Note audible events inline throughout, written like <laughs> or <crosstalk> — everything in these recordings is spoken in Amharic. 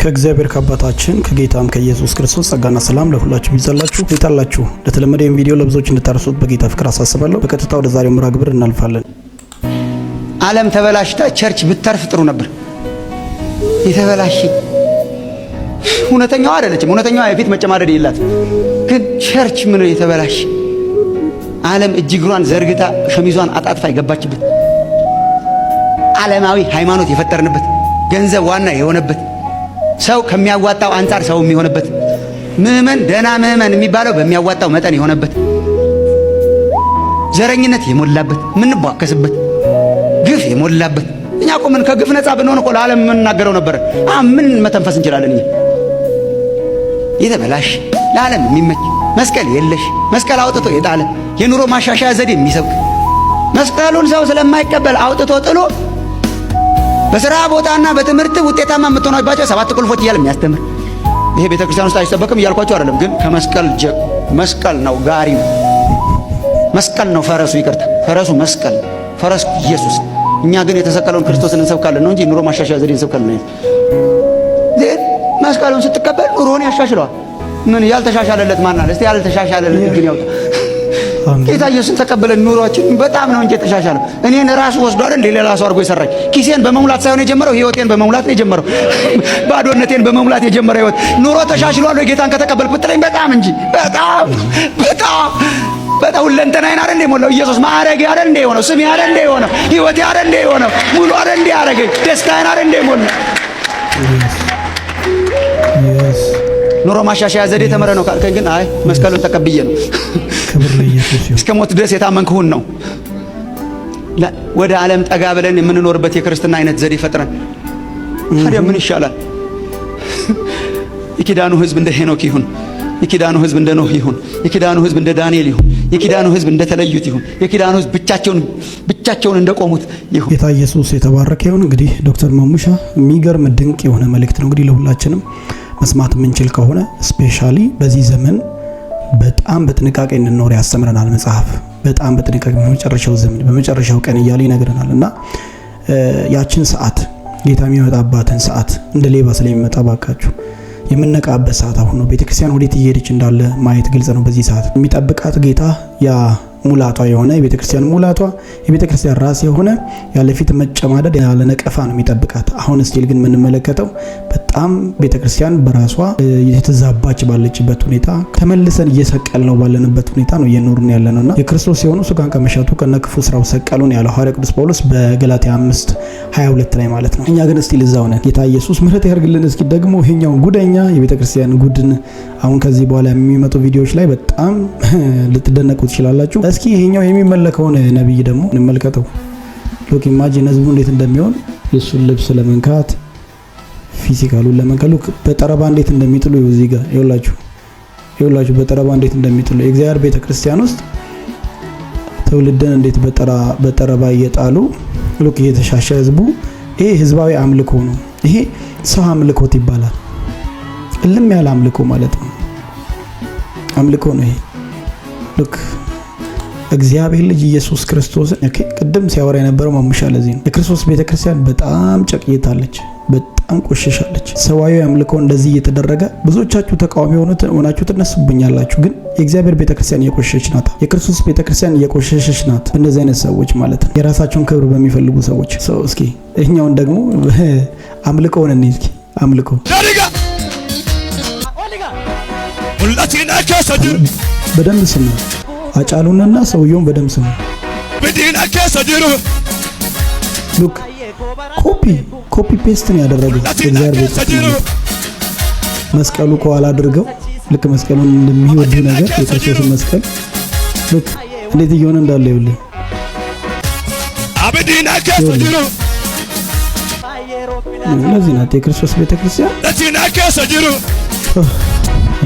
ከእግዚአብሔር ከአባታችን ከጌታም ከኢየሱስ ክርስቶስ ጸጋና ሰላም ለሁላችሁ ይብዛላችሁ። ይታላችሁ ለተለመደ ይህን ቪዲዮ ለብዙዎች እንድታርሱት በጌታ ፍቅር አሳስባለሁ። በቀጥታ ወደ ዛሬው ምራ ግብር እናልፋለን። ዓለም ተበላሽታ ቸርች ብታርፍ ጥሩ ነበር። የተበላሽ እውነተኛዋ አይደለችም። እውነተኛዋ የፊት መጨማደድ የላት። ግን ቸርች ምን የተበላሽ ዓለም እጅ ዘርግታ ሸሚዟን አጣጥፋ የገባችበት ዓለማዊ ሃይማኖት የፈጠርንበት ገንዘብ ዋና የሆነበት ሰው ከሚያዋጣው አንጻር ሰው የሚሆንበት ምእመን ደህና ምዕመን የሚባለው በሚያዋጣው መጠን የሆነበት ዘረኝነት የሞላበት የምንቧከስበት ግፍ የሞላበት እኛ እኮ ምን ከግፍ ነፃ ብንሆን እኮ ለዓለም የምንናገረው ነበረ። ምን መተንፈስ እንችላለን እኛ የተበላሽ ለዓለም የሚመች መስቀል የለሽ መስቀል አውጥቶ የጣለ የኑሮ ማሻሻያ ዘዴ የሚሰብክ መስቀሉን ሰው ስለማይቀበል አውጥቶ ጥሎ በስራ ቦታና በትምህርት ውጤታማ የምትሆናባቸው ሰባት ቁልፎች እያለ የሚያስተምር ይሄ ቤተ ክርስቲያን ውስጥ አይሰበክም እያልኳቸው አይደለም። ግን ከመስቀል መስቀል ነው ጋሪው መስቀል ነው ፈረሱ፣ ይቅርታ ፈረሱ መስቀል ፈረስ ኢየሱስ። እኛ ግን የተሰቀለውን ክርስቶስን እንሰብካለን ነው እንጂ ኑሮ ማሻሻያ ዘዴ እንሰብካለን ነው። መስቀሉን ስትቀበል ኑሮን ያሻሽለዋል። ምን ያልተሻሻለለት ማን አለ? እስቲ ያልተሻሻለለት ግን ያውጣ። ጌታ ኢየሱስን ተቀበለን ኑሯችን በጣም ነው እንጂ የተሻሻለው። እኔን ራሱ ወስዶ አይደል ሌላ ሰው አድርጎ የሰራኝ። ኪሴን በመሙላት ሳይሆን የጀመረው ህይወቴን በመሙላት ነው የጀመረው። <laughs> ባዶነቴን በመሙላት የጀመረ ህይወት ኑሮ ተሻሽሏል ወይ ጌታን ከተቀበልኩ ብትለኝ በጣም እንጂ በጣም በጣም በጣም ሁለንተናዬን አይደል እንደ ሞላው ኢየሱስ። ማዕረጌ አይደል እንደ የሆነው፣ ስሜ አይደል እንደ የሆነው፣ ህይወቴ አይደል እንደ የሆነው፣ ሙሉ አይደል እንደ ያደረገኝ፣ ደስታዬን አይደል እንደ ሞላው። ኑሮ ማሻሻያ ዘዴ ተምረህ ነው ካልከኝ ግን አይ መስቀሉን ተቀብዬ ነው <laughs> እስከ ሞት ድረስ የታመንክሁን ነው። ወደ ዓለም ጠጋ ብለን የምንኖርበት የክርስትና አይነት ዘዴ ፈጥረን ታዲያ ምን ይሻላል? የኪዳኑ ህዝብ እንደ ሄኖክ ይሁን። የኪዳኑ ህዝብ እንደ ኖህ ይሁን። የኪዳኑ ህዝብ እንደ ዳንኤል ይሁን። የኪዳኑ ህዝብ እንደ ተለዩት ይሁን። የኪዳኑ ህዝብ ብቻቸውን ብቻቸውን እንደቆሙት ይሁን። ጌታ ኢየሱስ የተባረከ ይሁን። እንግዲህ ዶክተር መሙሻ የሚገርም ድንቅ የሆነ መልእክት ነው እንግዲህ ለሁላችንም መስማት የምንችል ከሆነ ስፔሻሊ በዚህ ዘመን በጣም በጥንቃቄ እንድንኖር ያስተምረናል መጽሐፍ። በጣም በጥንቃቄ በመጨረሻው ዘመን በመጨረሻው ቀን እያለ ይነግረናል እና ያችን ሰዓት ጌታ የሚመጣባትን ሰዓት እንደ ሌባ ስለሚመጣ ባካችሁ የምነቃበት ሰዓት አሁን ነው። ቤተክርስቲያን ወዴት እየሄደች እንዳለ ማየት ግልጽ ነው። በዚህ ሰዓት የሚጠብቃት ጌታ ያ ሙላቷ የሆነ የቤተ ክርስቲያን ሙላቷ የቤተ ክርስቲያን ራስ የሆነ ያለፊት መጨማደድ ያለ ነቀፋ ነው የሚጠብቃት። አሁን ስቲል ግን የምንመለከተው በጣም ቤተ ክርስቲያን በራሷ የተዛባች ባለችበት ሁኔታ ተመልሰን እየሰቀል ነው ባለንበት ሁኔታ ነው እየኖርን ያለ ነው እና የክርስቶስ የሆኑ ሱጋን ከመሸቱ ከነ ክፉ ስራው ሰቀሉን ያለው ሐዋርያ ቅዱስ ጳውሎስ በገላትያ 5 22 ላይ ማለት ነው። እኛ ግን ስቲል እዛው ነን። ጌታ ኢየሱስ ምሕረት ያርግልን። እስኪ ደግሞ ይሄኛውን ጉደኛ የቤተ ክርስቲያን ጉድን አሁን ከዚህ በኋላ የሚመጡ ቪዲዮዎች ላይ በጣም <laughs> ልትደነቁ ትችላላችሁ። እስኪ ይሄኛው የሚመለከውን ነቢይ ደግሞ እንመልከተው። ሉክ ኢማጂን ህዝቡ እንዴት እንደሚሆን የእሱን ልብስ ለመንካት ፊዚካሉን ለመንካት ሉክ በጠረባ እንዴት እንደሚጥሉ እዚህ ጋር ይውላችሁ ይውላችሁ በጠረባ እንዴት እንደሚጥሉ የእግዚአብሔር ቤተክርስቲያን ውስጥ ትውልድን እንዴት በጠረባ እየጣሉ ሉክ እየተሻሸ ህዝቡ ይሄ ህዝባዊ አምልኮ ነው። ይሄ ሰው አምልኮት ይባላል። እልም ያለ አምልኮ ማለት ነው። አምልኮ ነው ይሄ። ልክ እግዚአብሔር ልጅ ኢየሱስ ክርስቶስ ቅድም ሲያወራ የነበረው ማሙሻ ለዚህ ነው። የክርስቶስ ቤተክርስቲያን በጣም ጨቅይታለች፣ በጣም ቆሽሻለች። ሰዋዊ አምልኮ እንደዚህ እየተደረገ ብዙዎቻችሁ ተቃዋሚ ሆናችሁ ትነሱብኛላችሁ፣ ግን የእግዚአብሔር ቤተክርስቲያን እየቆሸሸች ናት። የክርስቶስ ቤተክርስቲያን እየቆሸሸች ናት። እንደዚህ አይነት ሰዎች ማለት ነው፣ የራሳቸውን ክብር በሚፈልጉ ሰዎች። እስኪ እኛውን ደግሞ <laughs> አምልኮውን እንሂድ። አምልኮ በደንብ ስሙ። አጫሉንና ሰውየውን በደንብ ስሙ። ሉክ ኮፒ ኮፒ ፔስት ነው ያደረገው። እግዚአብሔር ቤት መስቀሉ ከኋላ አድርገው ልክ መስቀሉን እንደሚወዱ ነገር የክርስቶስን መስቀል ልክ እንዴት እየሆነ እንዳለ ይኸውልህ። እነዚህ ናት የክርስቶስ ቤተክርስቲያን።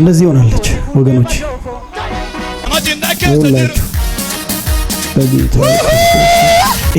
እንደዚህ ሆናለች ወገኖች ሁላችሁ በጌታ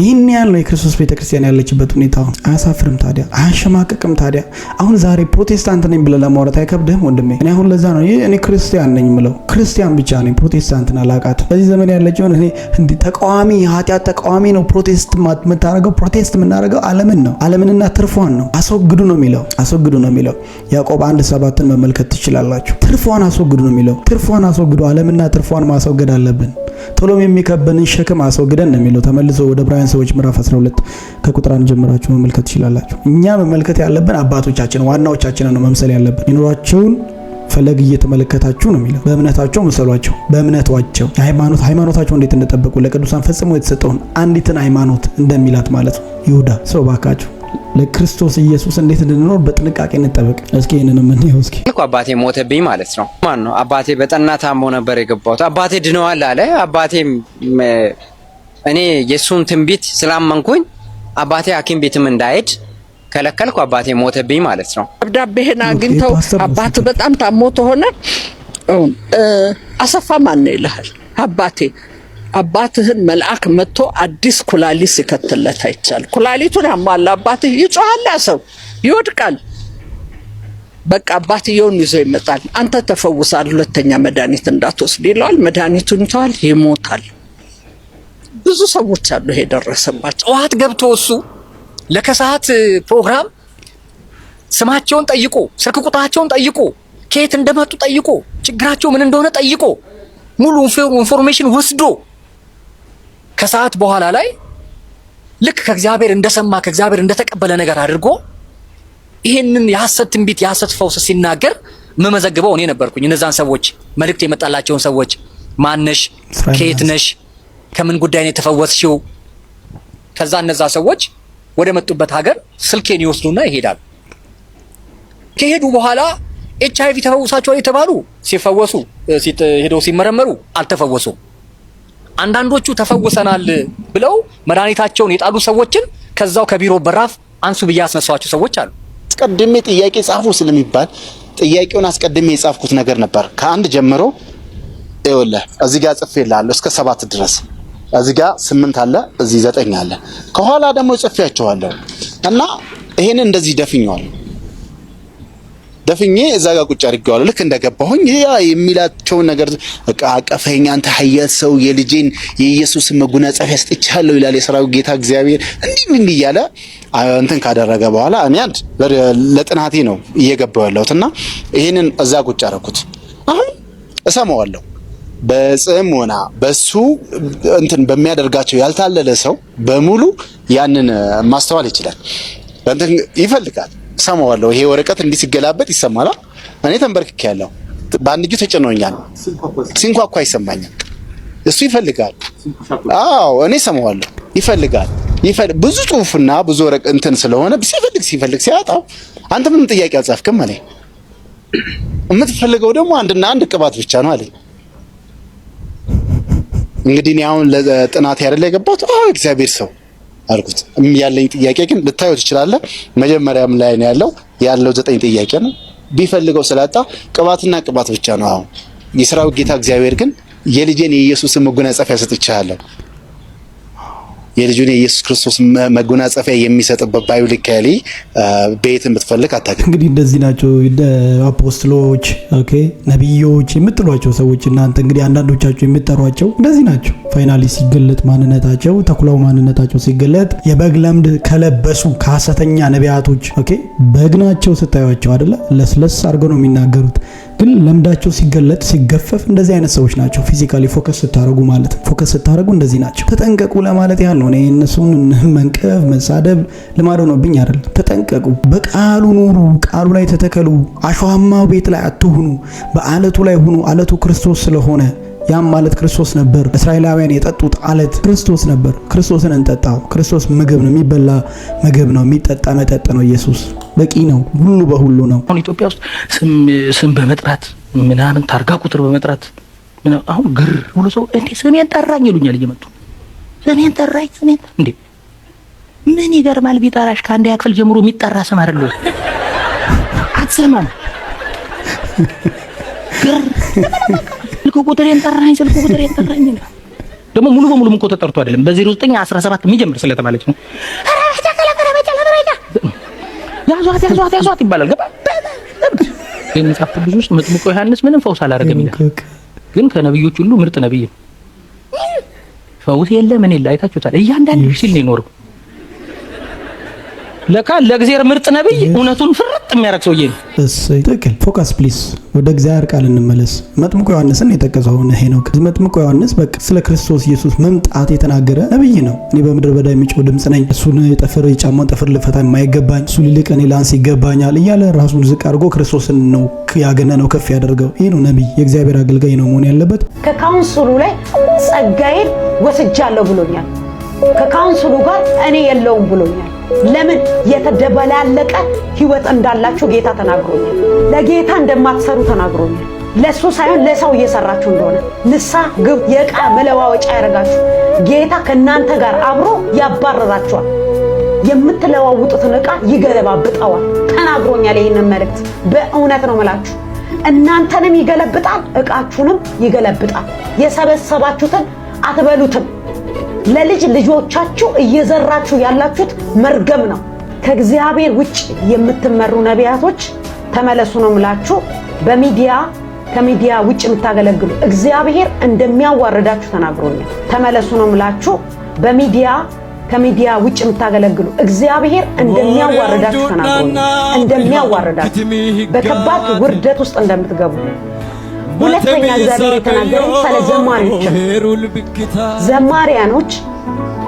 ይህን ያህል ነው የክርስቶስ ቤተክርስቲያን ያለችበት ሁኔታ። አያሳፍርም ታዲያ? አያሸማቅቅም ታዲያ? አሁን ዛሬ ፕሮቴስታንት ነኝ ብለህ ለማውራት አይከብድህም ወንድሜ? እኔ አሁን ለዛ ነው እኔ ክርስቲያን ነኝ ምለው፣ ክርስቲያን ብቻ ነኝ ፕሮቴስታንትን አላውቃትም። በዚህ ዘመን ያለችውን እኔ እንዲህ ተቃዋሚ የኃጢአት ተቃዋሚ ነው ፕሮቴስት የምታደርገው ፕሮቴስት የምናደርገው ዓለምን ነው ዓለምንና ትርፏን ነው። አስወግዱ ነው የሚለው አስወግዱ ነው የሚለው ያዕቆብ አንድ ሰባትን መመልከት ትችላላችሁ። ትርፏን አስወግዱ ነው የሚለው ትርፏን አስወግዱ። ዓለምና ትርፏን ማስወገድ አለብን። ቶሎም የሚከብንን ሸክም አስወግደን ነው የሚለው ተመልሶ ወደ ዕብራውያን ሰዎች ምዕራፍ 12 ከቁጥር አንድ ጀምራችሁ መመልከት ትችላላችሁ። እኛ መመልከት ያለብን አባቶቻችን ዋናዎቻችን ነው መምሰል ያለብን የኖሯቸውን ፈለግ እየተመለከታችሁ ነው የሚለው። በእምነታቸው መሰሏቸው በእምነቷቸው የሃይማኖት ሃይማኖታቸው እንዴት እንደጠበቁ ለቅዱሳን ፈጽሞ የተሰጠውን አንዲትን ሃይማኖት እንደሚላት ማለት ነው። ይሁዳ ሰው ባካችሁ ለክርስቶስ ኢየሱስ እንዴት እንድንኖር በጥንቃቄ እንጠበቅ። እስኪ ይህንን የምንየው እስኪ እኮ አባቴ ሞተብኝ ማለት ነው። ማን ነው አባቴ በጠና ታሞ ነበር የገባሁት። አባቴ ድነዋል አለ። አባቴ እኔ የእሱን ትንቢት ስላመንኩኝ አባቴ ሐኪም ቤትም እንዳይሄድ ከለከልኩ። አባቴ ሞተብኝ ማለት ነው። ደብዳቤህን አግኝተው አባት በጣም ታሞ ተሆነ አሰፋ ማን ነው ይልሃል አባቴ አባትህን መልአክ መጥቶ አዲስ ኩላሊት ሲከትለት አይቻል። ኩላሊቱን ያሟላ አባትህ ይጮሃል፣ ሰው ይወድቃል። በቃ አባትየውን ይዞ ይመጣል። አንተ ተፈውሳል፣ ሁለተኛ መድኃኒት እንዳትወስድ ይለዋል። መድኃኒቱን ይተዋል፣ ይሞታል። ብዙ ሰዎች አሉ ይሄ ደረሰባቸው። ጠዋት ገብቶ እሱ ለከሰዓት ፕሮግራም ስማቸውን ጠይቆ ስልክ ቁጥራቸውን ጠይቆ ከየት እንደመጡ ጠይቆ ችግራቸው ምን እንደሆነ ጠይቆ ሙሉ ኢንፎርሜሽን ወስዶ ከሰዓት በኋላ ላይ ልክ ከእግዚአብሔር እንደሰማ ከእግዚአብሔር እንደተቀበለ ነገር አድርጎ ይህንን የሐሰት ትንቢት የሐሰት ፈውስ ሲናገር መመዘግበው እኔ ነበርኩኝ። እነዛን ሰዎች መልእክት የመጣላቸውን ሰዎች ማነሽ፣ ከየት ነሽ፣ ከምን ጉዳይ ነው የተፈወስሽው? ከዛ እነዛ ሰዎች ወደ መጡበት ሀገር ስልኬን ይወስዱና ይሄዳሉ። ከሄዱ በኋላ ኤች አይቪ ተፈውሳቸዋል የተባሉ ሲፈወሱ ሄደው ሲመረመሩ አልተፈወሱም። አንዳንዶቹ ተፈውሰናል ብለው መድኃኒታቸውን የጣሉ ሰዎችን ከዛው ከቢሮ በራፍ አንሱ ብዬ ያስነሳዋቸው ሰዎች አሉ። አስቀድሜ ጥያቄ ጻፉ ስለሚባል ጥያቄውን አስቀድሜ የጻፍኩት ነገር ነበር። ከአንድ ጀምሮ ይኸውልህ እዚህ ጋር ጽፌልሃለሁ እስከ ሰባት ድረስ እዚህ ጋር ስምንት አለ፣ እዚህ ዘጠኝ አለ። ከኋላ ደግሞ ጽፌያቸዋለሁ እና ይሄንን እንደዚህ ደፍኘዋለሁ። ደፍኜ እዛ ጋር ቁጭ አድርጌዋለሁ። ልክ እንደገባሁኝ ያ የሚላቸውን ነገር በቃ አቀፈኝ። አንተ ኃያል ሰው የልጄን የኢየሱስን መጎናጸፊያ ሰጥቻለሁ ይላል የሰራዊት ጌታ እግዚአብሔር። እንዲህ እንዲህ እያለ እንትን ካደረገ በኋላ እኔ አንድ ለጥናቴ ነው እየገባው ያለሁት እና ይህንን እዛ ቁጭ አደረኩት። አሁን እሰማዋለሁ በጽሞና በሱ እንትን በሚያደርጋቸው ያልታለለ ሰው በሙሉ ያንን ማስተዋል ይችላል፣ እንትን ይፈልጋል ሰማዋለሁ። ይሄ ወረቀት እንዲህ ሲገላበጥ ይሰማል። እኔ ተንበርክክ ያለው በአንድ እጁ ተጭኖኛል። ሲንኳኳ ይሰማኛል። እሱ ይፈልጋል። አዎ እኔ ሰማዋለሁ። ይፈልጋል ብዙ ጽሁፍና ብዙ ወረቀት እንትን ስለሆነ ሲፈልግ ሲፈልግ ሲያጣው አንተ ምንም ጥያቄ አልጻፍክም አለኝ። የምትፈልገው ደግሞ አንድና አንድ ቅባት ብቻ ነው አለኝ። እንግዲህ እኔ አሁን ለጥናት ያደለ የገባሁት አዎ እግዚአብሔር ሰው አልኩት። ያለኝ ጥያቄ ግን ልታዩት ትችላለህ፣ መጀመሪያም ላይ ነው ያለው ያለው ዘጠኝ ጥያቄ ነው። ቢፈልገው ስላጣ ቅባትና ቅባት ብቻ ነው። አሁን የሰራዊት ጌታ እግዚአብሔር ግን የልጄን የኢየሱስን መጎናጸፊያ ሰጥቻለሁ የልጁን የኢየሱስ ክርስቶስ መጎናጸፊያ የሚሰጥበት ባይብሊካሊ ቤት የምትፈልግ አታገ እንግዲህ እንደዚህ ናቸው አፖስትሎች፣ ነቢዮች የምትሏቸው ሰዎች እናንተ እንግዲህ አንዳንዶቻቸው የምትጠሯቸው እንደዚህ ናቸው። ፋይናሊ ሲገለጥ ማንነታቸው ተኩላው ማንነታቸው ሲገለጥ የበግ ለምድ ከለበሱ ከሀሰተኛ ነቢያቶች በግ ናቸው ስታዩቸው አደለ ለስለስ አድርገው ነው የሚናገሩት። ግን ለምዳቸው ሲገለጥ ሲገፈፍ እንደዚህ አይነት ሰዎች ናቸው። ፊዚካሊ ፎከስ ስታደረጉ ማለት ፎከስ ስታደረጉ እንደዚህ ናቸው። ተጠንቀቁ ለማለት ያህል ነው። እኔ እነሱን መንቀፍ መሳደብ ልማድ ሆኖብኝ አይደለም። ተጠንቀቁ፣ በቃሉ ኑሩ፣ ቃሉ ላይ ተተከሉ። አሸዋማው ቤት ላይ አትሁኑ፣ በአለቱ ላይ ሁኑ። አለቱ ክርስቶስ ስለሆነ ያም ማለት ክርስቶስ ነበር። እስራኤላውያን የጠጡት አለት ክርስቶስ ነበር። ክርስቶስን እንጠጣው። ክርስቶስ ምግብ ነው፣ የሚበላ ምግብ ነው፣ የሚጠጣ መጠጥ ነው። ኢየሱስ በቂ ነው። ሁሉ በሁሉ ነው። አሁን ኢትዮጵያ ውስጥ ስም በመጥራት ምናምን ታርጋ ቁጥር በመጥራት አሁን ግር ሁሉ ሰው እንዴ ስሜን ጠራኝ ይሉኛል እየመጡ ስሜን ጠራኝ ስሜን እንዴ ምን ይገርማል ቢጠራሽ ከአንድ ያክፍል ጀምሮ የሚጠራ ስም አይደለ። አትሰማም ግር ስልክ ቁጥሬን ጠራኝ፣ ስልክ ቁጥሬን ጠራኝ። ደግሞ ሙሉ በሙሉ እኮ ተጠርቶ አይደለም በ0917 የሚጀምር ስለተባለች ነው። ያዟት ያዟት ያዟት ይባላል። ገባ መጽሐፍ ቅዱስ ውስጥ መጥምቁ ዮሐንስ ምንም ፈውስ አላደረገም ይላል። ግን ከነብዮች ሁሉ ምርጥ ነብይ ነው። ፈውስ የለ ምን የለ አይታችሁታል። እያንዳንዱ ሲል ነው የኖረው ለካ ለእግዚአብሔር ምርጥ ነብይ እውነቱን ፍርጥ የሚያደርግ ሰውዬ ነው። እሰይ ትክክል። ፎከስ ፕሊስ። ወደ እግዚአብሔር ቃል እንመለስ። መጥምቆ ዮሐንስን የጠቀሰው ሄኖክ መጥምቆ ዮሐንስ በቃ ስለ ክርስቶስ ኢየሱስ መምጣት የተናገረ ነብይ ነው። እኔ በምድረ በዳ የሚጮህ ድምጽ ነኝ፣ እሱን የጠፍር የጫማውን ጠፍር ልፈታ የማይገባኝ እሱ ሊልቅ እኔ ላንስ ይገባኛል እያለ ራሱን ዝቅ አድርጎ ክርስቶስን ነው ያገነ ነው ከፍ ያደርገው። ይህ ነው ነብይ፣ የእግዚአብሔር አገልጋይ ነው መሆን ያለበት። ከካውንስሉ ላይ ጸጋዬን ወስጃለሁ ብሎኛል። ከካውንስሉ ጋር እኔ የለውም ብሎኛል። ለምን የተደበላለቀ ህይወት እንዳላችሁ ጌታ ተናግሮኛል። ለጌታ እንደማትሰሩ ተናግሮኛል። ለሱ ሳይሆን ለሰው እየሰራችሁ እንደሆነ ንሳ ግብ የዕቃ መለዋወጫ ያደርጋችሁ ጌታ ከእናንተ ጋር አብሮ ያባረራችኋል። የምትለዋውጡትን ዕቃ ይገለባብጠዋል። ተናግሮኛል። ይህንን መልእክት በእውነት ነው ምላችሁ። እናንተንም ይገለብጣል፣ ዕቃችሁንም ይገለብጣል። የሰበሰባችሁትን አትበሉትም። ለልጅ ልጆቻችሁ እየዘራችሁ ያላችሁት መርገም ነው። ከእግዚአብሔር ውጭ የምትመሩ ነቢያቶች ተመለሱ ነው ምላችሁ። በሚዲያ ከሚዲያ ውጭ የምታገለግሉ እግዚአብሔር እንደሚያዋርዳችሁ ተናግሮኛል። ተመለሱ ነው ምላችሁ። በሚዲያ ከሚዲያ ውጭ የምታገለግሉ እግዚአብሔር እንደሚያዋርዳችሁ ተናግሮኛል። እንደሚያዋርዳችሁ በከባድ ውርደት ውስጥ እንደምትገቡ ሁለተኛ እግዚአብሔር የተናገረኝ ስለ ዘማሪዎች ዘማሪያኖች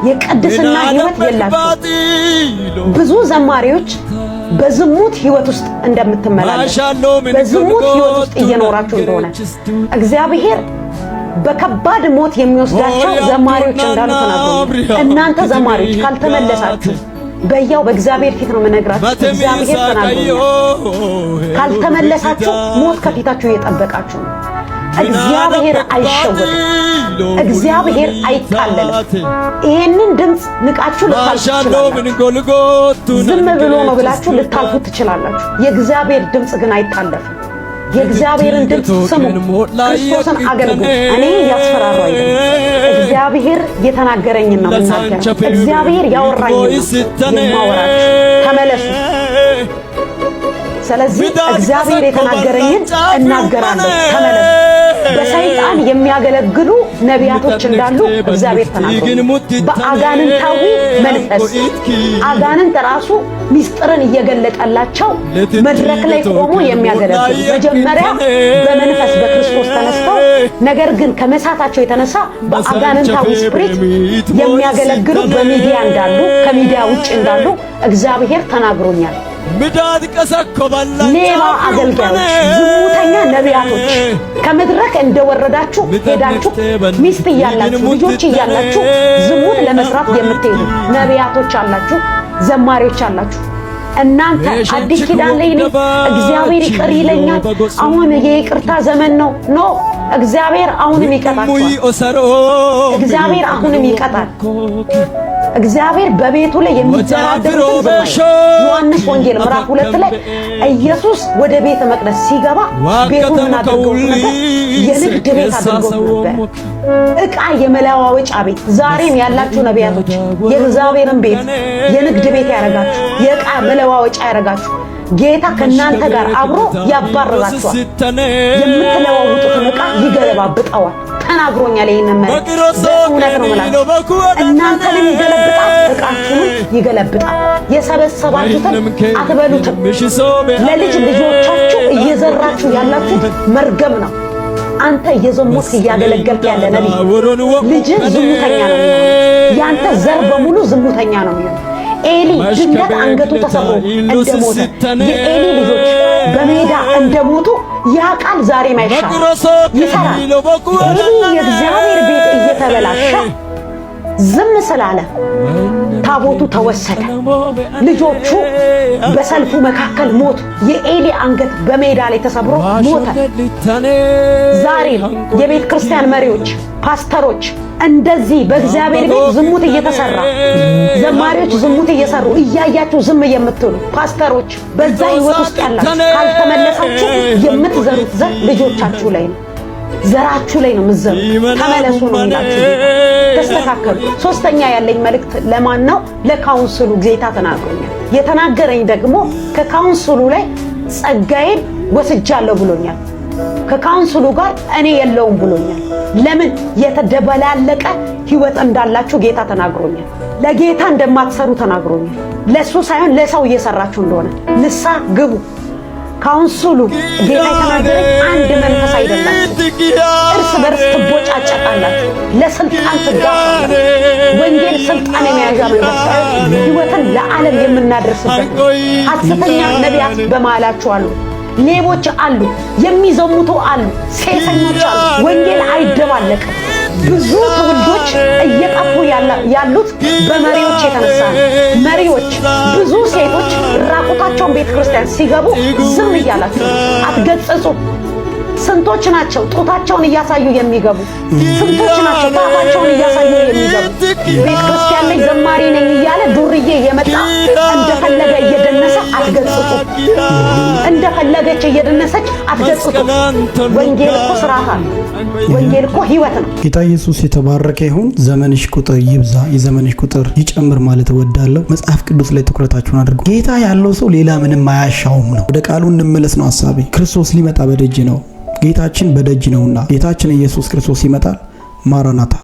የቅድስና ሕይወት የላቸው። ብዙ ዘማሪዎች በዝሙት ሕይወት ውስጥ እንደምትመላለስ በዝሙት ሕይወት ውስጥ እየኖራችሁ እንደሆነ እግዚአብሔር በከባድ ሞት የሚወስዳቸው ዘማሪዎች እንዳሉ ተናግረው እናንተ ዘማሪዎች ካልተመለሳችሁ በያው በእግዚአብሔር ፊት ነው የምነግራችሁ። እግዚአብሔር ተናግሮኛል። ካልተመለሳችሁ ሞት ከፊታችሁ እየጠበቃችሁ ነው። እግዚአብሔር አይሸወድም። እግዚአብሔር አይታለልም። ይሄንን ድምፅ ንቃችሁ ልታልፉት ዝም ብሎ ነው ብላችሁ ልታልፉት ትችላላችሁ። የእግዚአብሔር ድምፅ ግን አይታለፍም። የእግዚአብሔርን ድምፅ ስሙ፣ ክርስቶስን አገልግሉ። እኔ ያስፈራሩ አይደለም እግዚአብሔር የተናገረኝን ነው የምናገረው። እግዚአብሔር ያወራኝ ተመለሱ። ስለዚህ እግዚአብሔር የተናገረኝን እናገራለሁ። ተመለሱ። በሰይጣን የሚያገለግሉ ነቢያቶች እንዳሉ እግዚአብሔር ተናግሯል። በአጋንንታዊ መንፈስ አጋንንት ራሱ ሚስጥርን እየገለጠላቸው መድረክ ላይ ቆሞ የሚያገለግሉ መጀመሪያ በመንፈስ በክርስቶስ ተነስተው፣ ነገር ግን ከመሳታቸው የተነሳ በአጋንንታዊ ስፕሪት የሚያገለግሉ በሚዲያ እንዳሉ ከሚዲያ ውጭ እንዳሉ እግዚአብሔር ተናግሮኛል። ምዳድ ቀሰኮበላ ሌባ አገልጋዮች፣ ዝሙተኛ ነቢያቶች ከመድረክ እንደወረዳችሁ ሄዳችሁ ሚስት እያላችሁ ልጆች እያላችሁ ዝሙት ለመስራት የምትሄዱ ነቢያቶች አላችሁ፣ ዘማሪዎች አላችሁ። እናንተ አዲስ ኪዳን ላይ ነኝ፣ እግዚአብሔር ይቅር ይለኛል፣ አሁን የይቅርታ ዘመን ነው። ኖ እግዚአብሔር አሁንም ይቀጣል። እግዚአብሔር አሁንም ይቀጣል። እግዚአብሔር በቤቱ ላይ የሚዘራደሩት ዮሐንስ ወንጌል ምዕራፍ ሁለት ላይ ኢየሱስ ወደ ቤተ መቅደስ ሲገባ ቤቱን ምን አድርገው ነበር? የንግድ ቤት አድርገው ነበር፣ ዕቃ የመለዋወጫ ቤት። ዛሬም ያላችሁ ነቢያቶች የእግዚአብሔርን ቤት የንግድ ቤት ያረጋችሁ፣ የእቃ መለዋወጫ ያረጋችሁ ጌታ ከእናንተ ጋር አብሮ ያባረራችኋል። የምትለዋውጡትን እቃ ይገለባብጠዋል። ተናግሮኛል። ይሄንን ማለት እውነት ይገለብጣል፣ እቃችሁን ይገለብጣል። የሰበሰባችሁትን አትበሉትም። ለልጅ ልጆቻችሁ እየዘራችሁ ያላችሁ መርገም ነው። አንተ እየዘሞት እያገለገልክ ያለ ነብይ ልጅ ዝሙተኛ ነው። ያንተ ዘር በሙሉ ዝሙተኛ ነው ኤሊ ድንገት አንገቱ ተሰብሮ እንደሞተ የኤሊ ልጆች በሜዳ እንደሞቱ ያ ቃል ዛሬ አይሻልም፣ የእግዚአብሔር ቤት እየተበላሸ ዝም ስላለ ታቦቱ ተወሰደ። ልጆቹ በሰልፉ መካከል ሞቱ። የኤሊ አንገት በሜዳ ላይ ተሰብሮ ሞተ። ዛሬ የቤተ ክርስቲያን መሪዎች፣ ፓስተሮች እንደዚህ በእግዚአብሔር ቤት ዝሙት እየተሰራ ዘማሪዎች ዝሙት እየሰሩ እያያችሁ ዝም የምትሉ ፓስተሮች፣ በዛ ህይወት ውስጥ ያላችሁ ካልተመለሳችሁ የምትዘሩት ዘር ልጆቻችሁ ላይ ነው፣ ዘራችሁ ላይ ነው የምትዘሩት። ተመለሱ ነው የሚላችሁ። ተስተካከሉ ሶስተኛ ያለኝ መልእክት ለማን ነው? ለካውንስሉ ጌታ ተናግሮኛል። የተናገረኝ ደግሞ ከካውንስሉ ላይ ጸጋዬን ወስጃለሁ ብሎኛል። ከካውንስሉ ጋር እኔ የለውም ብሎኛል። ለምን የተደበላለቀ ህይወት እንዳላችሁ ጌታ ተናግሮኛል። ለጌታ እንደማትሰሩ ተናግሮኛል። ለእሱ ሳይሆን ለሰው እየሰራችሁ እንደሆነ ንሳ ግቡ። ካውንስሉ ጌታ የተናገረኝ አንድ መንፈስ አይደለም። እርስ በርስ ትቦጫጨቃላችሁ፣ ለስልጣን ትጋፋላችሁ። ወንጌል ስልጣን የመያዣ መንፈስ ህይወትን ለዓለም የምናደርስበት ሐሰተኛ ነቢያት በመሃላችሁ አሉ። ሌቦች አሉ፣ የሚዘሙቱ አሉ፣ ሴሰኞች አሉ። ወንጌል አይደባለቅም። ብዙ ትውልዶች እየጠፉ ያሉት በመሪዎች የተነሳ ነው። መሪዎች ብዙ ሴቶች ራቁታቸውን ቤተ ክርስቲያን ሲገቡ ዝም እያላችሁ አትገጽጹ። ስንቶች ናቸው ጡታቸውን እያሳዩ የሚገቡ? ስንቶች ናቸው ጣፋቸውን እያሳዩ የሚገቡ? ቤተ ክርስቲያን ላይ ዘማሪ ነኝ እያለ ዱርዬ የመጣ እንደፈለገ እየደነሰ አትገጽጡ፣ እንደፈለገች እየደነሰች አትገጽጡ። ወንጌል እኮ ስርዓት ወንጌል እኮ ህይወት ነው። ጌታ ኢየሱስ የተባረከ ይሁን። ዘመንሽ ቁጥር ይብዛ፣ የዘመንሽ ቁጥር ይጨምር ማለት እወዳለሁ። መጽሐፍ ቅዱስ ላይ ትኩረታችሁን አድርጉ። ጌታ ያለው ሰው ሌላ ምንም አያሻውም ነው። ወደ ቃሉ እንመለስ ነው ሀሳቤ። ክርስቶስ ሊመጣ በደጅ ነው። ጌታችን በደጅ ነውና ጌታችን ኢየሱስ ክርስቶስ ይመጣል። ማራናታ